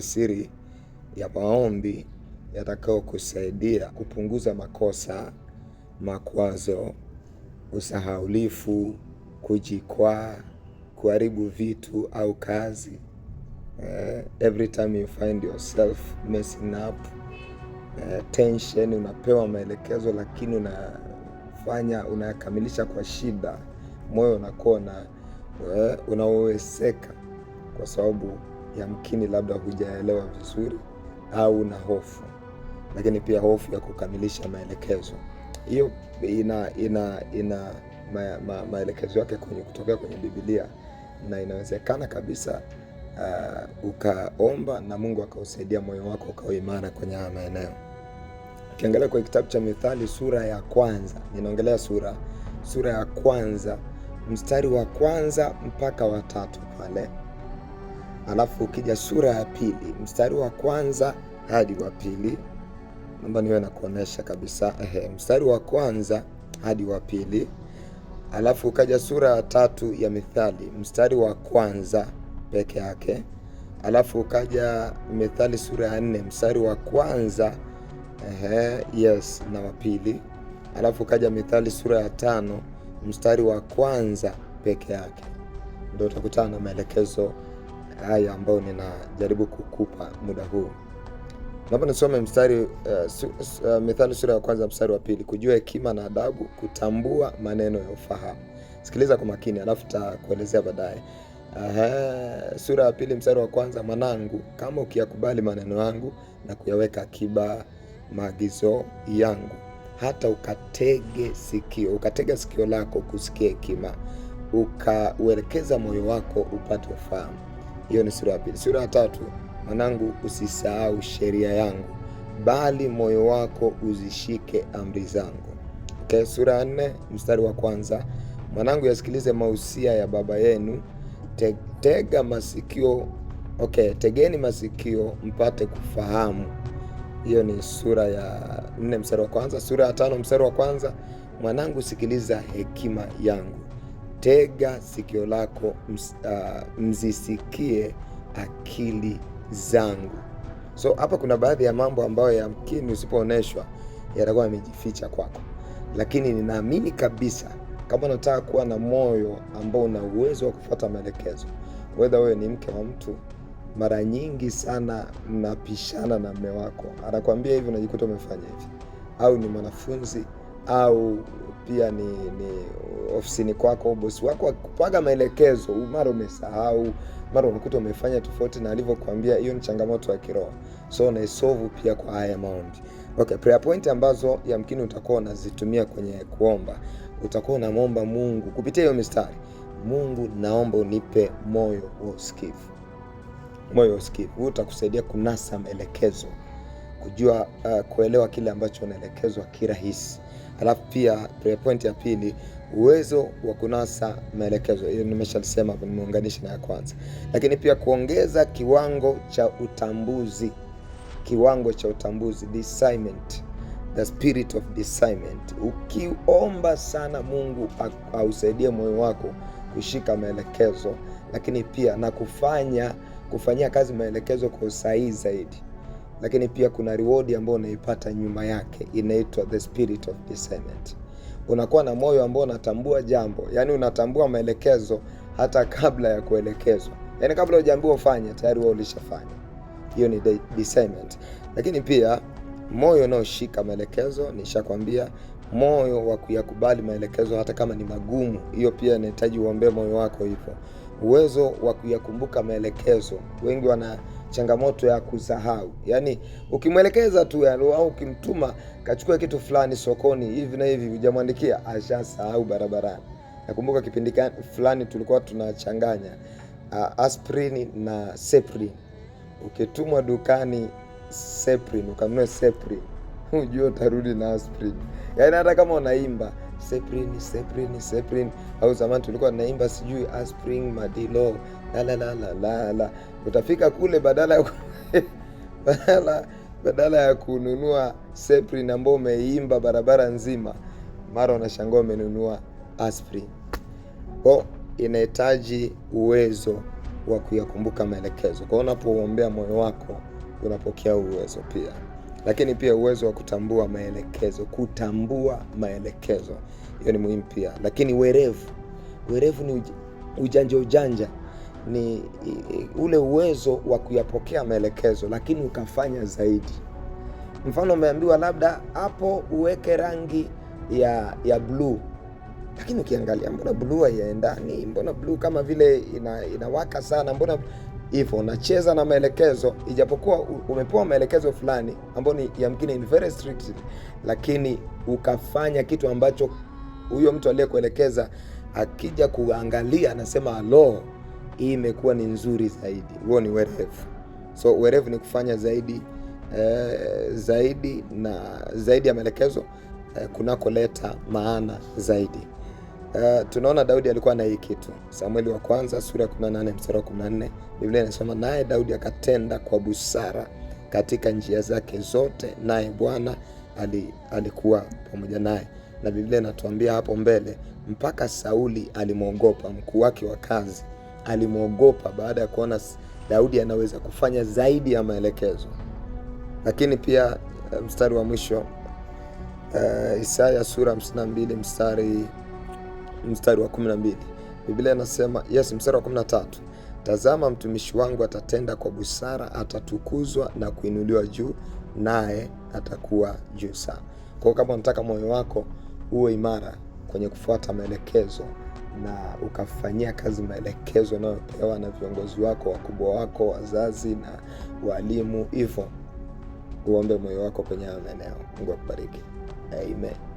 siri ya maombi yatakao kusaidia kupunguza makosa, makwazo, usahaulifu, kujikwaa, kuharibu vitu au kazi. Uh, every time you find yourself messing up uh, tension, unapewa maelekezo lakini unafanya unayakamilisha kwa shida, moyo unakuwa uh, eh, unaoweseka kwa sababu yamkini labda hujaelewa vizuri au na hofu, lakini pia hofu ya kukamilisha maelekezo. Hiyo ina ina ina ma, ma, maelekezo yake kwenye kutokea kwenye Biblia, na inawezekana kabisa uh, ukaomba na Mungu akausaidia moyo wako ukawa imara kwenye haya maeneo. Ukiangalia kwenye kitabu cha Mithali sura ya kwanza, ninaongelea sura sura ya kwanza mstari wa kwanza mpaka watatu pale Alafu ukija sura ya pili mstari wa kwanza hadi wa pili naomba niwe nakuonesha kabisa. Ehe, mstari wa kwanza hadi wa pili alafu ukaja sura ya tatu ya Mithali mstari wa kwanza peke yake, alafu ukaja Mithali sura ya nne mstari wa kwanza ehe, yes na wa pili, alafu ukaja Mithali sura ya tano mstari wa kwanza peke yake, ndio utakutana na maelekezo haya ambayo ninajaribu kukupa muda huu. Naomba nisome mstari uh, su, uh, Mithali sura ya kwanza mstari wa pili. Kujua hekima na adabu, kutambua maneno ya ufahamu. Sikiliza kwa makini, alafu takuelezea baadaye. Aha, sura ya pili mstari wa kwanza. Mwanangu, kama ukiyakubali maneno yangu na kuyaweka akiba maagizo yangu, hata ukatege sikio ukatega sikio lako kusikia hekima, ukauelekeza moyo wako upate ufahamu hiyo ni sura ya pili. Sura ya tatu, mwanangu, usisahau sheria yangu, bali moyo wako uzishike amri zangu. Okay, sura ya nne mstari wa kwanza, mwanangu, yasikilize mausia ya baba yenu, te, tega masikio okay, tegeni masikio mpate kufahamu. Hiyo ni sura ya nne mstari wa kwanza. Sura ya tano mstari wa kwanza, mwanangu, sikiliza hekima yangu tega sikio lako ms, uh, mzisikie akili zangu. So hapa kuna baadhi ya mambo ambayo yamkini usipoonyeshwa yatakuwa yamejificha kwako, lakini ninaamini kabisa kama unataka kuwa na moyo ambao una uwezo wa kufuata maelekezo, wedha wewe ni mke wa mtu, mara nyingi sana mnapishana na mme wako, anakuambia hivi, unajikuta umefanya hivi, au ni mwanafunzi au pia ni, ni ofisini kwako bosi wako akupaga maelekezo, mara umesahau, mara unakuta umefanya tofauti na alivyokuambia. Hiyo ni changamoto ya kiroho, so unaisolve pia kwa haya maombi. Okay, prayer point ambazo yamkini utakuwa unazitumia kwenye kuomba, utakuwa unamwomba Mungu kupitia hiyo mistari: Mungu, naomba unipe moyo wa usikivu. Moyo wa usikivu huu utakusaidia kunasa maelekezo, kujua uh, kuelewa kile ambacho unaelekezwa kirahisi Alafu pia point ya pili, uwezo wa kunasa maelekezo. Hiyo nimeshasema, nimeunganisha na ya kwanza. Lakini pia kuongeza kiwango cha utambuzi, kiwango cha utambuzi, discernment, the spirit of discernment. Ukiomba sana Mungu ausaidie moyo wako kushika maelekezo, lakini pia na kufanya kufanyia kazi maelekezo kwa usahihi zaidi lakini pia kuna reward ambayo unaipata nyuma yake, inaitwa the spirit of discernment. Unakuwa na moyo ambao unatambua jambo, yani unatambua maelekezo hata kabla ya kuelekezwa, yani kabla hujaambiwa ufanye, tayari wewe ulishafanya. Hiyo ni discernment. Lakini pia moyo unaoshika maelekezo, nishakwambia moyo wa kuyakubali maelekezo hata kama ni magumu, hiyo pia inahitaji uombee moyo wako hivyo uwezo wa kuyakumbuka maelekezo. Wengi wana changamoto ya kusahau, yaani ukimwelekeza tu au ukimtuma kachukua kitu fulani sokoni hivi na hivi, hujamwandikia ashasahau barabarani. Nakumbuka kipindi fulani tulikuwa tunachanganya uh, aspirin na seprin. Ukitumwa dukani seprin ukanunue seprin, hujua utarudi na aspirin. yaani hata kama unaimba Seprin, Seprin, Seprin au zamani tulikuwa tunaimba sijui aspring madilo la la la la la la. Utafika kule badala ya badala, badala ya kununua Seprin ambao umeimba barabara nzima, mara unashangaa umenunua Aspring. Kwa inahitaji uwezo wa kuyakumbuka maelekezo. Kwa unapoombea moyo wako unapokea uwezo pia lakini pia uwezo wa kutambua maelekezo. Kutambua maelekezo, hiyo ni muhimu pia. Lakini werevu, werevu ni ujanja ujanja ni ule uwezo wa kuyapokea maelekezo lakini ukafanya zaidi. Mfano, umeambiwa labda hapo uweke rangi ya ya bluu, lakini ukiangalia, mbona bluu haiendani? Mbona bluu kama vile ina, inawaka sana? Mbona hivyo unacheza na maelekezo, ijapokuwa umepewa maelekezo fulani ambayo ni yamkini very strict, lakini ukafanya kitu ambacho huyo mtu aliyekuelekeza akija kuangalia anasema alo, hii imekuwa ni nzuri zaidi. Huo ni werevu. So werevu ni kufanya zaidi eh, zaidi na zaidi ya maelekezo eh, kunakoleta maana zaidi. Uh, tunaona Daudi alikuwa na hii kitu. Samueli wa kwanza sura ya 18 mstari wa 14, Biblia inasema naye Daudi akatenda kwa busara katika njia zake zote, naye Bwana alikuwa pamoja naye. Na Biblia inatuambia hapo mbele mpaka Sauli alimwogopa, mkuu wake wa kazi alimwogopa baada ya kuona Daudi anaweza kufanya zaidi ya maelekezo. Lakini pia eh, mstari wa mwisho uh, Isaya sura 52 mstari mstari wa 12. Biblia inasema yes, mstari wa 13, tazama mtumishi wangu atatenda kwa busara, atatukuzwa na kuinuliwa juu, naye atakuwa juu sana. Kwa kama unataka moyo wako uwe imara kwenye kufuata maelekezo na ukafanyia kazi maelekezo unayopewa na viongozi wako, wakubwa wako, wazazi na walimu, hivyo uombe moyo wako kwenye hayo maeneo. Mungu akubariki. Amen.